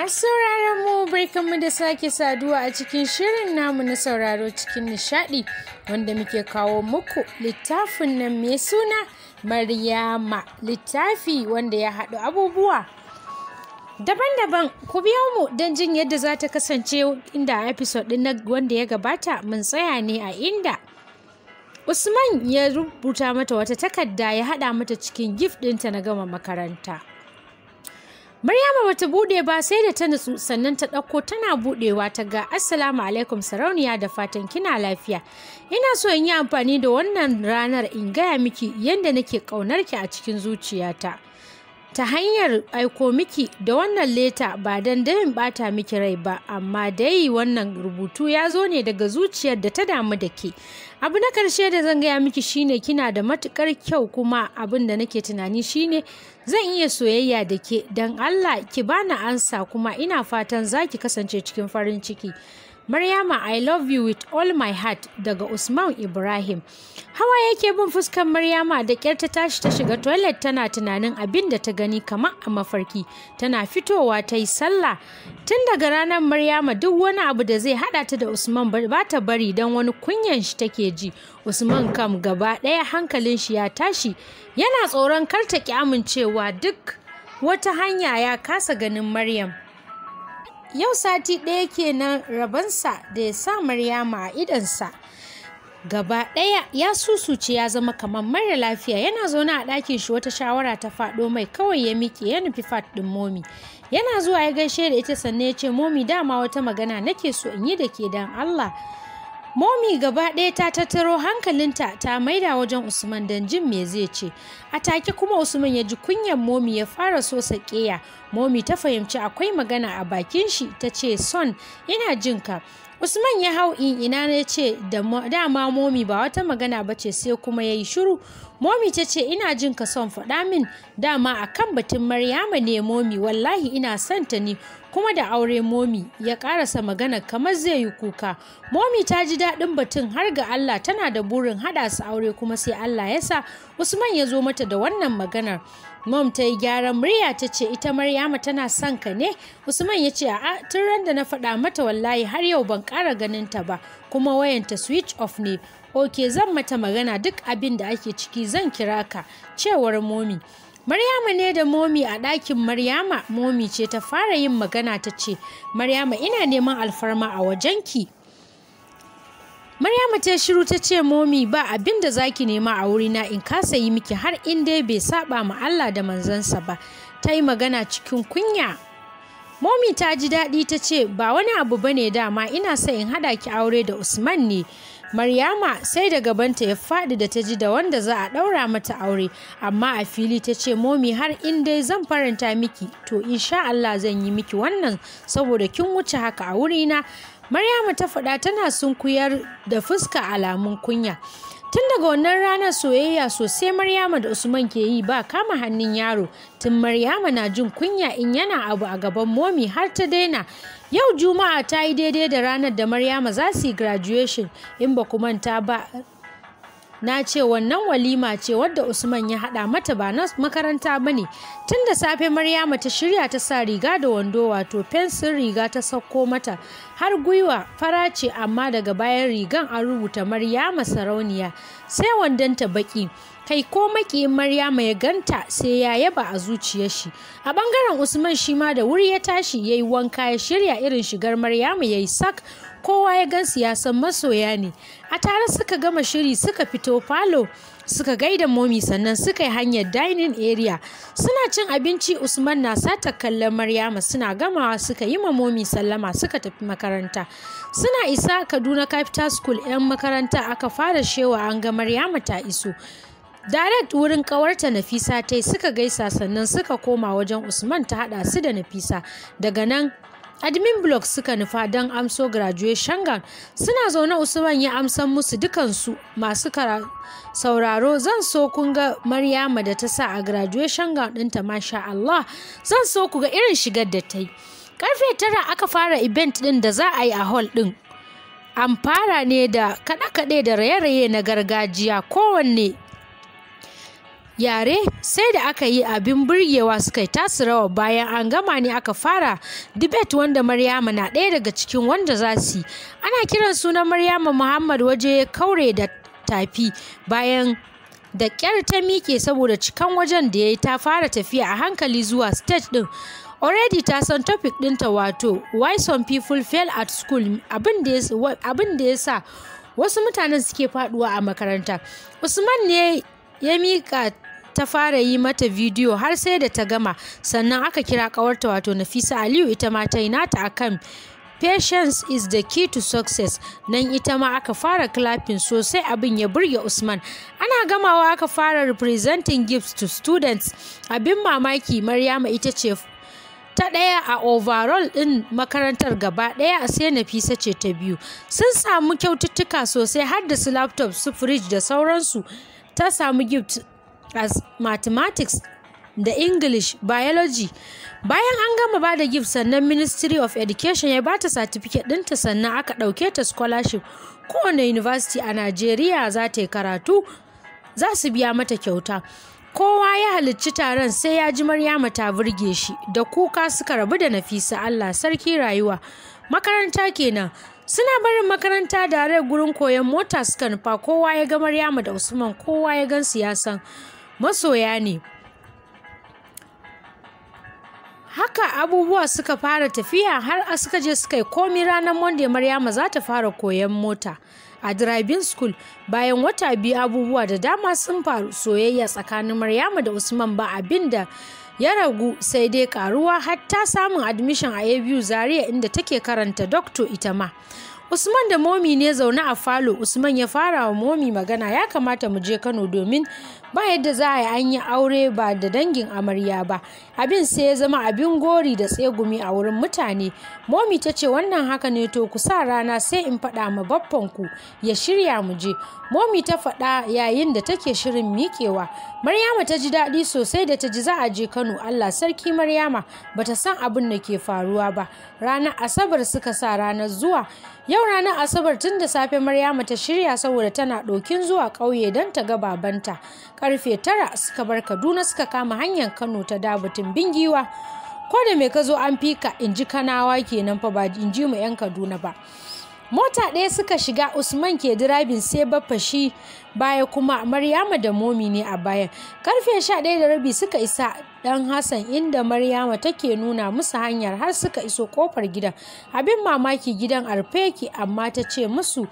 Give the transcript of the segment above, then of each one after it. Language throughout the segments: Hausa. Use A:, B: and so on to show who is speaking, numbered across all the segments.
A: Masu sauraron mu barkanmu da sake saduwa a cikin shirin namu na sauraro cikin nishadi wanda muke kawo muku littafin nan mai suna Maryama littafi wanda ya haɗu abubuwa daban-daban ku biyo mu don jin yadda za ta kasance inda episode na wanda ya gabata mun tsaya ne a inda Usman ya rubuta mata wata takarda ya haɗa mata cikin gif ɗinta na gama makaranta. Maryama bata bude ba sai da ta nutsu sannan ta ɗauko tana budewa ta ga Assalamu alaikum sarauniya da fatan kina lafiya. Ina so in yi amfani da wannan ranar in gaya miki yadda nake ƙaunar ki a cikin zuciyata. Ta hanyar aiko miki da wannan leta ba dan damin bata miki rai ba amma dai wannan rubutu ya zo ne daga zuciyar da ta damu da ke. abu na karshe da zan gaya miki shine kina da matukar kyau kuma abin da nake tunani shine zan iya soyayya da ke don allah ki bani ansa kuma ina fatan za ki kasance cikin farin ciki Maryama I love you with all my heart daga Usman Ibrahim. Hawa yake bin fuskar Maryama da kyar ta tashi ta shiga toilet tana tunanin abin da ta gani kamar a mafarki. Tana fitowa ta yi sallah. Tun daga ranar Maryama duk wani abu da zai haɗa ta da Usman ba ta bari don wani kunyan shi take ji. Usman kam gaba ɗaya hankalin shi ya tashi. Yana tsoron kar ta ki amincewa duk wata hanya ya kasa ganin Maryam. yau sati ɗaya kenan rabonsa da ya sa maryama a idonsa gaba ɗaya ya susuce ya zama kamar mara lafiya yana zaune a ɗakin shi wata shawara ta faɗo mai kawai ya miƙe ya nufi fat ɗin momi yana zuwa ya gaishe da ita sannan ya ce momi dama wata magana nake so in yi da ke dan allah Momi gaba ɗaya ta tattaro hankalinta ta maida wajen Usman don jin me zai ce. A take kuma Usman ya ji kunyan Momi ya fara so saƙeya. Momi ta fahimci akwai magana a bakin shi ta ce son ina jin ka. Usman ya hau in ina ne ce dama momi ba wata magana ba ce sai kuma ya yi shuru Momi ta ce ina jin ka son faɗa min dama a kan batun Maryama ne momi wallahi ina son ta ne kuma da aure momi ya karasa magana kamar zai yi kuka. Momi ta ji daɗin batun har ga Allah tana da burin haɗa su aure kuma sai Allah ya sa Usman ya zo mata da wannan maganar. Mom ta yi gyaran murya ta ce ita Maryama tana son ka ne? Usman ya ce a'a tun ran da na faɗa mata wallahi har yau ban ƙara ganin ta ba kuma wayanta switch off ne. Ok zan mata magana duk abin da ake ciki zan kira ka cewar momi. Maryama ne da momi a ɗakin Maryama momi ce ta fara yin magana ta ce Maryama ina neman alfarma a wajenki. Maryama ta shiru ta ce momi ba abin da zaki nema a wurina in kasa yi miki har in dai bai saba ma Allah da manzansa ba. Ta yi magana cikin kunya. Momi ta ji daɗi ta ce ba wani abu bane dama ina sa in haɗa ki aure da Usman ne. Maryama sai da gabanta ya faɗi da ta ji da wanda za a ɗaura mata aure, amma a fili ta ce momi har in dai zan faranta miki, to insha Allah zan yi miki wannan saboda kin wuce haka a wurina Maryamu ta faɗa tana sunkuyar da fuska alamun kunya. Tun daga wannan ranar soyayya sosai Maryama da Usman ke yi ba kama hannun yaro, tun Maryama na jin kunya in yana abu a gaban momi har ta daina. Yau Juma'a ta yi daidai da ranar da Maryama za su yi graduation in ba kuma ta ba na ce wannan walima ce wadda usman ya haɗa mata ba na makaranta ba ne tun da safe maryama ta shirya ta sa riga da wando wato fensin riga ta sauko mata har gwiwa fara ce amma daga bayan rigan an rubuta maryama sarauniya sai wandon ta baƙi kai ko makiyin Maryama ya ganta sai ya yaba a zuciyar shi. A bangaren Usman shi ma da wuri ya tashi ya yi wanka ya shirya irin shigar Maryama ya yi sak kowa ya gan ya san masoya ne a tare suka gama shiri suka fito falo suka gaida momi sannan suka yi hanyar dining area suna cin abinci usman na sata kallon maryama suna gamawa suka yi ma momi sallama suka tafi makaranta suna isa kaduna capital school 'yan makaranta aka fara shewa an ga maryama ta iso Direct wurin kawarta Nafisa ta yi suka gaisa sannan suka koma wajen Usman ta haɗa su da Nafisa. Daga nan admin block suka nufa don amso graduation gown suna zaune usman ya amsa musu dukansu masu sauraro zan so kun ga maryama da ta sa a graduation gown ɗinta masha Allah zan so ku ga irin shigar da ta yi karfe tara aka fara event ɗin da za a yi a hall ɗin an fara ne da kaɗe-kaɗe da raye-raye na gargajiya kowanne yare sai da aka yi abin burgewa suka yi tasu rawa bayan an gama ne aka fara dibet wanda maryama na ɗaya daga cikin wanda za su ana kiran sunan maryama muhammad waje kaure da tafi bayan da ƙyar ta miƙe saboda cikan wajen da ya yi ta fara tafiya a hankali zuwa stage ɗin already ta san topic ɗinta wato why some people fail at school abin da ya sa wasu mutanen suke faɗuwa a makaranta usman ne ya mika ta fara yi mata bidiyo har sai da ta gama sannan aka kira kawarta wato Nafisa Aliyu ita ma ta yi nata akan Patience is the key to success. Nan ita ma aka fara clapping sosai abin ya burge Usman. Ana gamawa aka fara representing gifts to students. Abin mamaki Maryama ita ce ta ɗaya a overall ɗin makarantar gaba ɗaya a sai Nafisa ce ta biyu. Sun samu kyaututtuka sosai har da su laptop su fridge da sauransu. Ta samu gift as mathematics da english biology bayan an gama ba da gift sannan ministry of education ya bata certificate dinta sannan aka dauke ta scholarship kowane university a nigeria za ta yi karatu za su biya mata kyauta kowa ya halicci taron sai ya ji maryama ta burge shi da kuka suka rabu da nafisa allah sarki rayuwa makaranta kenan suna barin makaranta da gurin koyon mota suka nufa kowa ya ga maryama da usman kowa ya gan siyasan masoya ne haka abubuwa suka fara tafiya har suka je suka yi komi ranar monday maryama za ta fara koyon mota a driving school bayan wata biyu abubuwa da dama sun faru soyayya tsakanin maryama da usman ba abin da ya ragu sai dai karuwa hatta samun admission a abu zaria inda take karanta doctor ita ma usman da momi ne zaune a falo usman ya fara wa momi magana ya kamata mu je kano domin ba yadda za a yi an yi aure ba da dangin amarya ba abin sai ya zama abin gori da tsegumi a wurin mutane momi ta ce wannan haka ne to ku sa rana sai in faɗa ma ku ya shirya mu je momi ta faɗa yayin da take shirin miƙewa maryama ta ji daɗi sosai da ta ji za a je kano allah sarki maryama bata san abin da ke faruwa ba ranar asabar suka sa ranar zuwa yau ranar asabar tun da safe maryama ta shirya saboda tana ɗokin zuwa ƙauye don ta ga babanta karfe tara suka bar kaduna suka kama hanyar kano ta dabutun bingiwa ko da mai ka zo an fika in ji kanawa kenan fa ba in ji mu 'yan kaduna ba mota ɗaya suka shiga usman ke dirabin sai shi baya kuma maryama da momi ne a bayan karfe sha ɗaya da rabi suka isa dan hassan inda maryama take nuna musu hanyar har suka iso kofar gidan abin mamaki gidan alfeki amma ta ce musu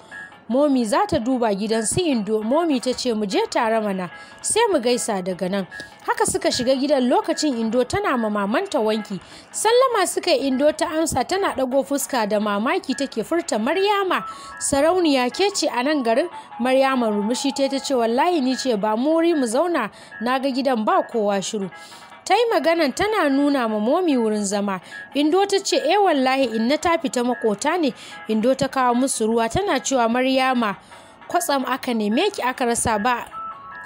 A: momi za ta duba gidan su indo momi ta ce mu je tare mana sai mu gaisa daga nan haka suka shiga gidan lokacin indo tana ma mamanta wanki sallama suka yi indo ta amsa tana ɗago fuska da mamaki take furta maryama sarauniya ke ce a nan garin maryama rumushi ta ce wallahi ni ce ba wuri mu zauna na ga gidan ba kowa shiru ta yi maganan tana nuna ma momi wurin zama indo ta ce e wallahi inna ta fita makota ne indo ta kawo musu ruwa tana cewa maryama kwatsam aka neme ki aka rasa ba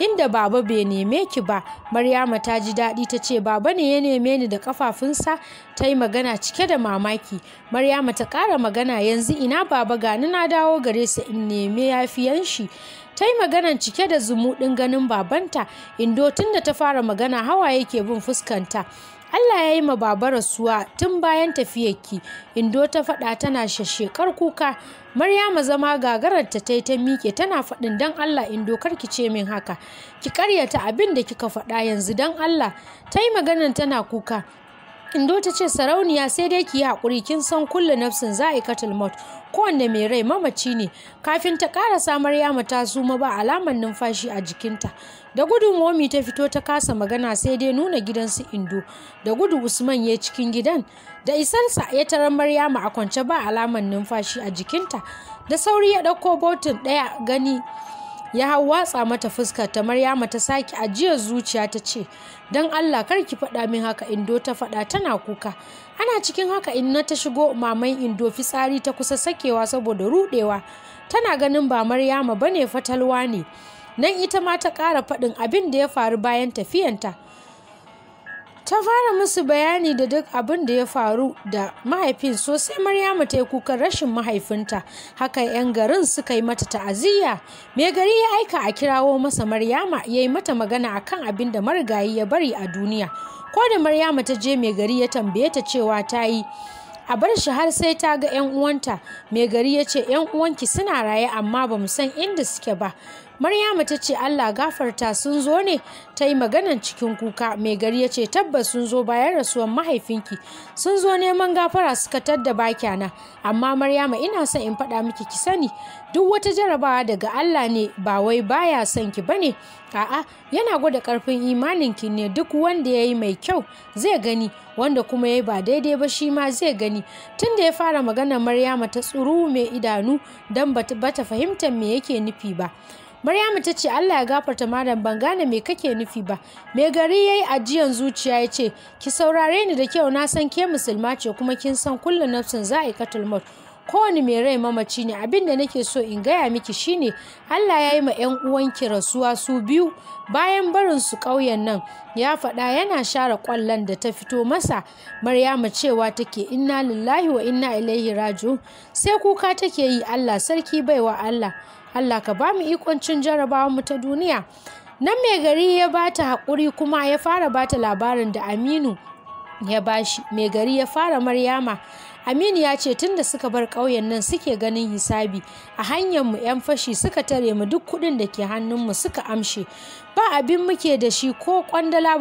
A: inda baba bai neme ki ba maryama ta ji daɗi ta ce baba ne ya neme ni da kafafunsa ta yi magana cike da mamaki maryama ta ƙara magana yanzu ina baba gani na dawo gare sa in neme yafiyan shi ta yi maganan cike da zumuɗin ganin babanta indo tun da ta fara magana hawaye ke bin fuskanta Allah ya yi ma baba rasuwa tun bayan tafiyarki indo ta faɗa tana shashekar kuka Maryama zama gagararta ta ta miƙe tana faɗin dan Allah indo karki ce min haka ki karyata abin da kika faɗa yanzu dan Allah ta yi maganan tana kuka Indo ta ce sarauniya sai dai ki yi haƙuri kin san kulle nafsin za a yi katil mot kowanne mai rai mamaci ne kafin ta ƙara samar yama ta suma ba alamar numfashi a jikinta da gudu momi ta fito ta kasa magana sai dai nuna gidan su indo da gudu usman ya cikin gidan da isansa ya tarar maryama a kwance ba alamar numfashi a jikinta da sauri ya ɗauko botin ɗaya gani ya hau watsa mata fuska, ta Maryama ta sake ajiyar zuciya ta ce don Allah kar ki faɗa min haka indo ta faɗa tana kuka ana cikin haka in na ta shigo maman indo fitsari ta kusa sakewa saboda rudewa tana ganin ba Maryama bane fatalwa ne nan ita ma ta ƙara faɗin abin da ya faru bayan tafiyanta ta fara musu bayani da duk abin da ya faru da mahaifin sosai maryamu ta yi kukan rashin mahaifinta haka 'yan garin suka yi mata ta'aziyya mai gari ya aika a kirawo masa maryama ya yi mata magana a kan abin da marigayi ya bari a duniya ko da maryama ta je mai gari ya tambaye ta cewa ta yi a bar shi har sai ta ga 'yan uwanta mai gari ya ce 'yan uwanki suna raye amma ba mu san inda suke ba Maryamu ta ce Allah gafarta sun zo ne ta yi maganan cikin kuka mai gari ya ce tabbas sun zo bayan rasuwar mahaifinki sun zo neman gafara suka tadda bakyana amma Maryamu ina son in faɗa miki ki sani duk wata jarabawa daga Allah ne ba wai baya son ki bane a'a yana gwada karfin imaninki ne duk wanda ya yi mai kyau zai gani wanda kuma ya yi ba daidai ba shi ma zai gani tun da ya fara magana Maryama ta tsuru mai idanu don ba ta fahimta me yake nufi ba Maryamu ta ce Allah ya gafarta malam ban gane me kake nufi ba. Me gari yayi ajiyan zuciya ya ce ki saurare ni da kyau na san ke musulma ce kuma kin san kullun nafsin za'iqatul maut. kowane mai rai mamaci ne abin da nake so in gaya miki shine Allah ya yi ma 'yan uwanki rasuwa su biyu bayan barin su ƙauyen nan ya faɗa yana share ƙwallon da ta fito masa Maryama cewa take inna lillahi wa inna ilaihi raji'un sai kuka take yi Allah sarki baiwa Allah Allah ka ba mu ikon cin jarabawar mu ta duniya nan mai gari ya ba ta haƙuri kuma ya fara bata labarin da Aminu ya ba shi. mai gari ya fara Maryama Aminu ya ce tun da suka bar ƙauyen nan suke ganin hisabi a hanyar mu 'yan fashi suka tare mu duk kuɗin da ke hannun mu suka amshe ba abin muke da shi ko kwandala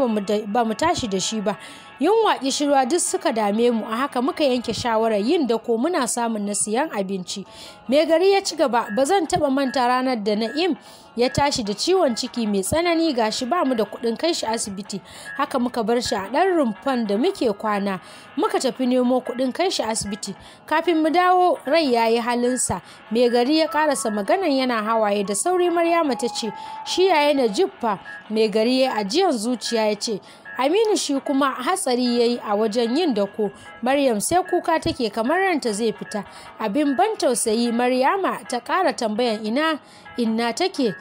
A: ba mu tashi da shi ba yunwa shirwa duk suka dame mu a haka muka yanke shawarar yin da ko muna samun na siyan abinci mai gari ya ci gaba ba zan taba manta ranar da na'im ya tashi da ciwon ciki mai tsanani gashi ba mu da kuɗin kai shi asibiti haka muka bar shi a ɗan rumfan da muke kwana muka tafi nemo kuɗin kai shi asibiti kafin mu dawo rai ya yi halinsa mai gari ya karasa maganan yana hawaye da sauri maryama ta ce shi yaye na jiffa mai gari ya ajiyan zuciya ya ce aminu shi kuma hatsari ya yi a wajen yin dako maryam sai kuka take kamar ranta zai fita abin ban tausayi maryama ta ƙara tambayan ina inna take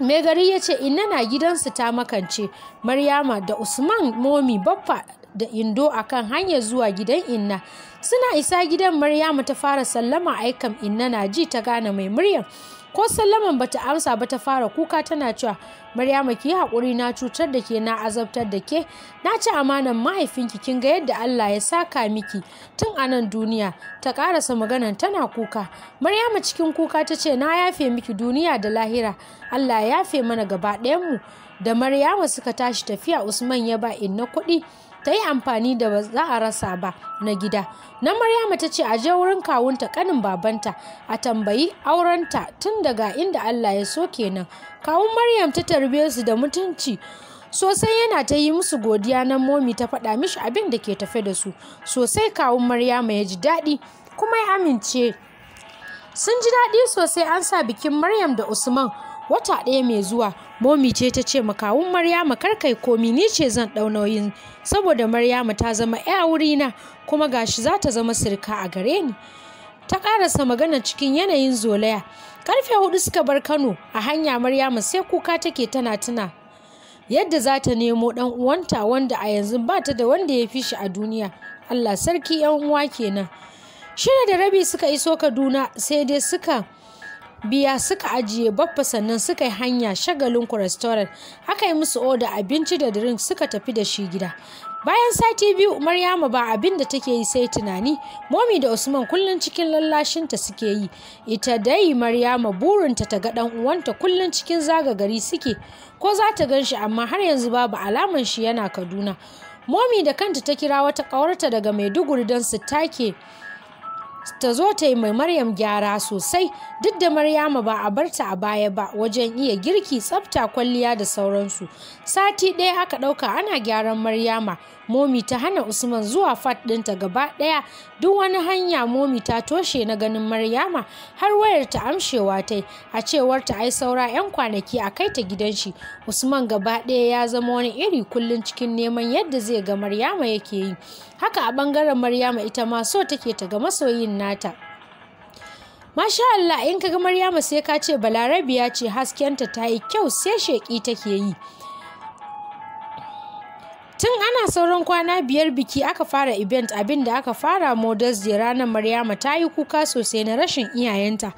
A: mai gari ya ce inna na gidansu ta makance maryama da usman momi baffa da indo akan hanyar zuwa gidan inna suna isa gidan maryama ta fara sallama aikam inna na ji ta gane mai muryar ko sallaman bata amsa ba ta fara kuka tana cewa maryama ki haƙuri na cutar da ke na azabtar da ke na ci amanan mahaifinki kin ga yadda allah ya saka miki tun a nan duniya ta ƙarasa maganan tana kuka maryama cikin kuka ta ce na yafe miki duniya da lahira allah ya yafe mana gaba ɗayanmu da maryama suka tashi tafiya usman ya ba inna kuɗi ta yi amfani da ba za a rasa ba na gida na maryama ta ce a je wurin kawunta kanin babanta a tambayi aurenta tun daga inda allah ya so kenan kawun maryam ta tarbe su da mutunci sosai yana ta yi musu godiya na momi ta faɗa mishi abin da ke tafe da su sosai kawun maryama ya ji daɗi kuma ya amince sun ji daɗi sosai an sa bikin maryam da usman wata ɗaya mai zuwa momi ce ta ce makawun maryama karkai komi ni ce zan ɗau nauyin saboda maryama ta zama ya wurina kuma gashi za ta zama sirka a gare ni ta ƙarasa magana cikin yanayin zolaya karfe hudu suka bar kano a hanya maryama sai kuka take tana tuna yadda za ta nemo ɗan uwanta wanda a yanzu ba ta da wanda ya fi shi a duniya allah sarki yan uwa kenan shida da rabi suka iso kaduna sai dai suka biya suka ajiye baffa sannan suka yi hanya shagalin restaurant aka yi musu oda abinci da drink suka tafi da shi gida bayan sati biyu maryama ba abin da take yi sai tunani momi da usman kullum cikin lallashinta suke yi ita dai maryama burinta ta ga dan uwanta kullum cikin zaga gari suke ko za ta gan shi amma har yanzu babu alaman shi yana kaduna momi da kanta ta kira wata ƙawarta daga maiduguri don su take ta zo ta yi mai Maryam gyara sosai duk da Maryama ba a barta a baya ba wajen iya girki tsafta kwalliya da sauransu. Sati ɗaya aka ɗauka ana gyaran Maryama, Momi ta hana Usman zuwa fat ɗinta gaba ɗaya duk wani hanya Momi ta toshe na ganin Maryama har wayar ta amshewa ta a cewar ta ai saura 'yan kwanaki a kai ta gidan shi. Usman gaba ɗaya ya zama wani iri kullum cikin neman yadda zai ga Maryama yake yi. Haka a ɓangaren Maryama ita ma so take ta ga masoyin nata Masha Allah in kaga Maryamu sai ka ce Balarabiya ce haskenta ta yi kyau sai sheƙi take yi. Tun ana sauran kwana biyar biki aka fara event abin da aka fara Modus Day ranar Maryama ta yi kuka sosai na rashin iyayenta.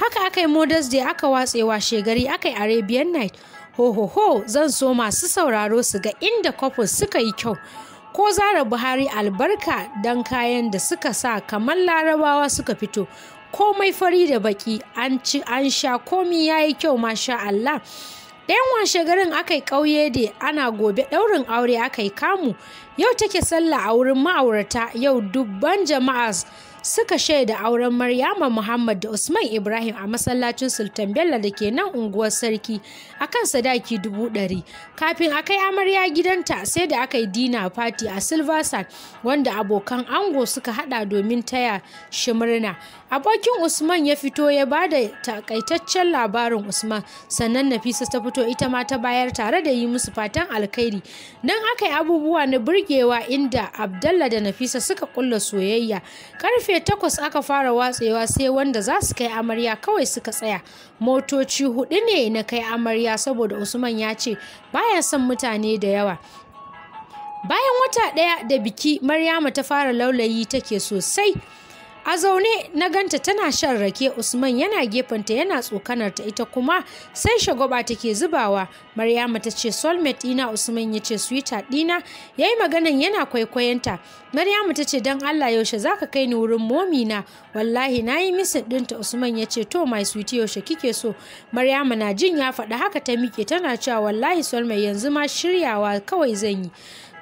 A: Haka aka yi Modus Day aka watsewa shegari aka yi Arabian Night. Ho ho ho zan so masu sauraro su ga inda couples suka yi kyau. ko zara buhari albarka don kayan da suka sa kamar larabawa suka fito komai fari da baki an ci an sha komi ya yi kyau masha Allah ɗayan washe garin aka yi ƙauye da ana gobe ɗaurin aure aka yi kamu yau take sallah a wurin ma'aurata yau dubban jama'a suka shaida auren Maryama Muhammad da Usman Ibrahim a masallacin Sultan Bello da ke nan unguwar Sarki a kan sadaki dubu ɗari. Kafin a kai amarya gidanta sai da aka yi dina fati a Silversand wanda abokan ango suka haɗa domin taya shi murna. abokin usman ya fito ya ba da takaitaccen labarin usman sannan nafisa ta fito ita ma ta bayar tare da yi musu fatan alkhairi don aka yi abubuwa na burgewa inda abdallah da nafisa suka kulla soyayya karfe takwas aka fara watsewa sai wanda za su kai amarya kawai suka tsaya motoci hudu ne na kai amarya saboda usman ya ce baya son mutane da yawa bayan wata ɗaya da biki maryama ta fara laulayi take sosai A zaune na ganta tana shan rake Usman yana gefenta yana tsokanar ta ita kuma sai shagwaba take zubawa. Maryama ta ce soulmate ɗina Usman ya ce sweetheart dina ya yi maganan yana kwaikwayonta. Maryama ta ce don Allah yaushe za ka kai ni wurin momina wallahi na yi misin ɗinta Usman ya ce to mai sweet yaushe kike so. Maryama na jin ya faɗa haka ta miƙe tana cewa wallahi soulmate yanzu ma shiryawa kawai zan yi.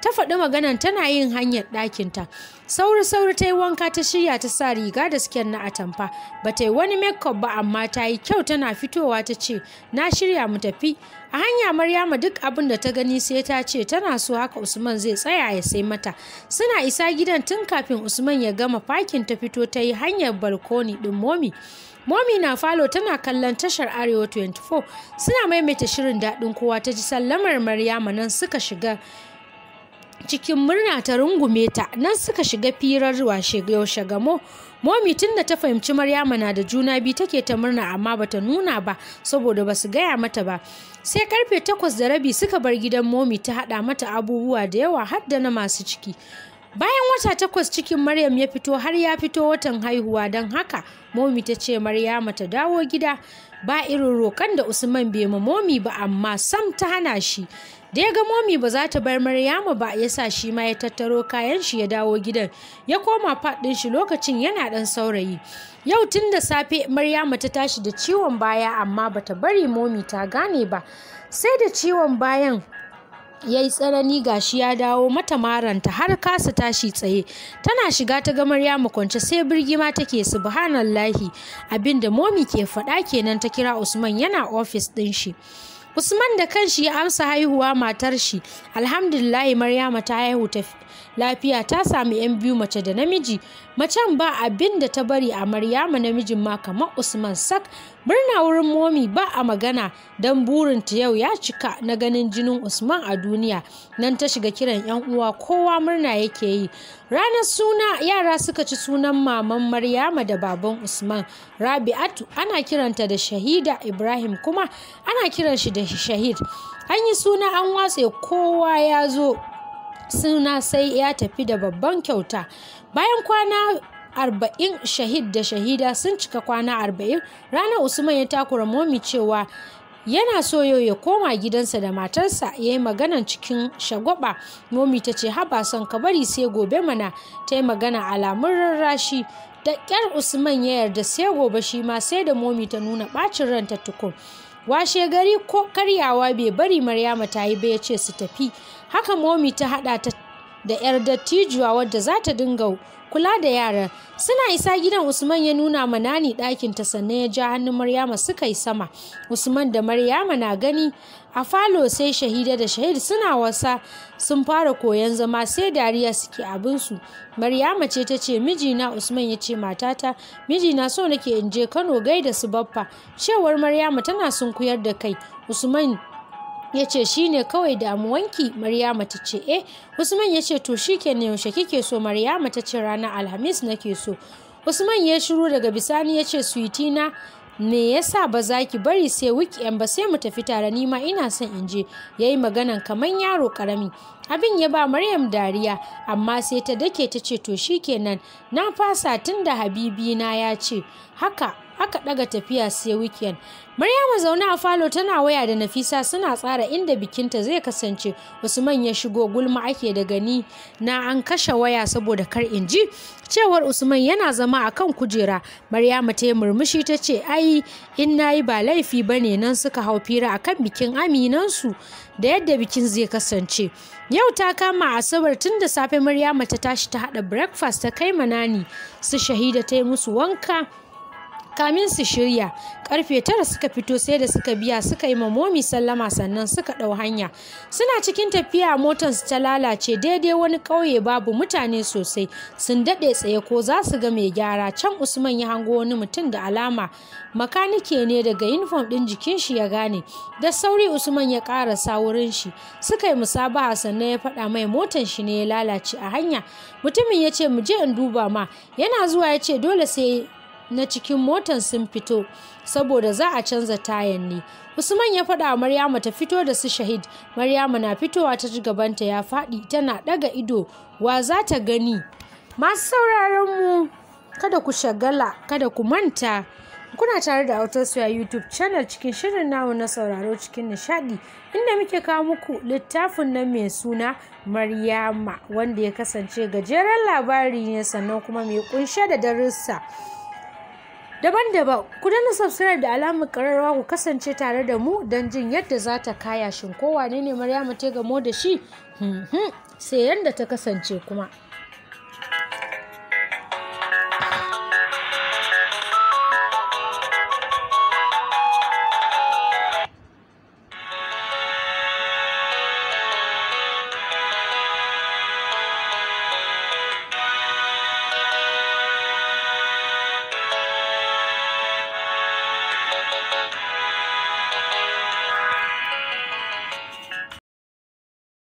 A: ta faɗi maganan tana yin hanyar ɗakinta sauri sauri ta yi wanka ta shirya ta sa riga da sken na atamfa ba ta yi wani makeup ba amma ta yi kyau tana fitowa ta ce na shirya mu tafi a hanya maryama duk abin da ta gani sai ta ce tana so haka usman zai tsaya ya sai mata suna isa gidan tun kafin usman ya gama fakin ta fito ta yi hanyar balkoni ɗin momi Momi na falo tana kallon tashar Arewa 24 suna maimaita shirin daɗin kowa ta ji sallamar Maryama nan suka shiga cikin murna ta rungume ta nan suka shiga firar washe yaushe gamo momi tun da ta fahimci maryama na da juna biyu take ta murna amma bata nuna ba saboda basu gaya mata ba sai karfe takwas da rabi suka bar gidan momi ta hada mata abubuwa da yawa har da na masu ciki bayan wata takwas cikin maryam ya fito har ya fito watan haihuwa don haka momi ta ce maryama ta dawo gida ba irin rokan da usman bai ma momi ba amma sam ta hana shi da ya ga momi ba za ta bar maryama ba ya sa shi ma ya tattaro kayan shi ya dawo gidan ya koma faɗin shi lokacin yana ɗan saurayi yau tun da safe maryama ta tashi da ciwon baya amma bata bari momi ta gane ba sai da ciwon bayan ya yi tsanani gashi ya dawo mata maranta har kasa tashi tsaye tana shiga ta ga maryamu kwance sai birgi ma take subhanallahi abinda momi ke faɗa kenan ta kira usman yana ofis ɗin shi Usman da kanshi ya amsa haihuwa matar shi alhamdulillahi Maryama ta haihu lafiya ta sami 'yan biyu mace da namiji macen ba abin da ta bari a maryama namijin ma kamar usman sak Birna wurin momi ba a magana don burinta yau ya cika na ganin jinin usman a duniya nan ta shiga kiran yan uwa kowa murna yake yi ranar suna yara suka ci sunan maman maryama da baban usman rabi'atu ana kiranta da shahida ibrahim kuma ana kiran shi da shahid an yi suna an watse kowa ya zo suna sai ya tafi da babban kyauta bayan kwana arba'in shahid da shahida sun cika kwana arba'in ranar usman ya takura momi cewa yana so ya koma gidansa da matarsa ya yi maganan cikin shagwaba momi ta ce haba son ka bari sai gobe mana ta yi magana alamun rarrashi da ƙyar usman ya yarda sai gobe shi ma sai da momi ta nuna ɓacin ranta tukun washe gari ko karyawa bai bari maryama ta yi ba ya ce su tafi haka momi ta haɗa ta da 'yar dattijuwa wadda za ta dinga kula da yara suna isa gidan usman ya nuna ma nani ɗakin ta sannan ya ja hannun maryama suka yi sama usman da maryama na gani a falo sai shahida da shahid suna wasa sun fara koyan zama sai dariya suke abinsu maryama ce ta ce mijina usman ya ce matata mijina so nake in je kano gaida su baffa cewar maryama tana sunkuyar da kai usman ya ce shi ne kawai damuwanki maryama ta ce eh usman ya ce to shi ke ne yaushe kike so maryama ta ce ranar alhamis nake so usman ya shiru daga bisani ya ce na me yasa ba za ki bari sai weekend ba sai mu tafi tare ni ma ina son in je yayi maganan kaman yaro karami abin ya ba maryam dariya amma sai ta dake ta ce to shikenan na fasa tun da habibi na ya ce haka aka daga tafiya sai weekend maryama zaune a falo tana waya da nafisa suna tsara inda bikinta zai kasance usman ya shigo gulma ake da gani na an kashe waya saboda kar in ji cewar usman yana zama a kan kujera maryama ta yi murmushi ta ce ai in na yi ba laifi ba ne nan suka hau fira kan bikin aminansu da yadda bikin zai kasance Yau ta kama Asabar tun da safe Maryama ta tashi ta haɗa breakfast ta kai manani su shahida ta yi musu wanka kamin su shirya karfe tara suka fito sai da suka biya suka yi mamomi sallama sannan suka ɗau hanya suna cikin tafiya motar su ta lalace daidai wani ƙauye babu mutane sosai sun daɗe tsaye ko za su ga mai gyara can usman ya hango wani mutum da alama makanike ne daga uniform ɗin jikin shi ya gane da sauri usman ya sa wurin shi suka yi musabaha sannan ya faɗa mai motar shi ne ya lalace a hanya mutumin ya ce mu je in duba ma yana zuwa ya ce dole sai na cikin motan sun fito saboda za a canza tayan ne usman ya faɗa wa maryama ta fito da su shahid maryama na fitowa ta ji gabanta ya faɗi tana ɗaga ido wa za ta gani masu sauraron mu kada ku shagala kada ku manta kuna tare da autosuya youtube channel cikin shirin namu na sauraro cikin nishadi inda muke kawo muku littafin nan mai suna maryama wanda ya kasance gajeren labari ne sannan kuma mai kunshe da darussa daban-daban ku danna subscribe da alamar kararwa ku kasance tare da mu don jin yadda za ta kaya shin kowa ne ne maryamu ta gamo da shi hmm, hmm. sai yadda ta kasance kuma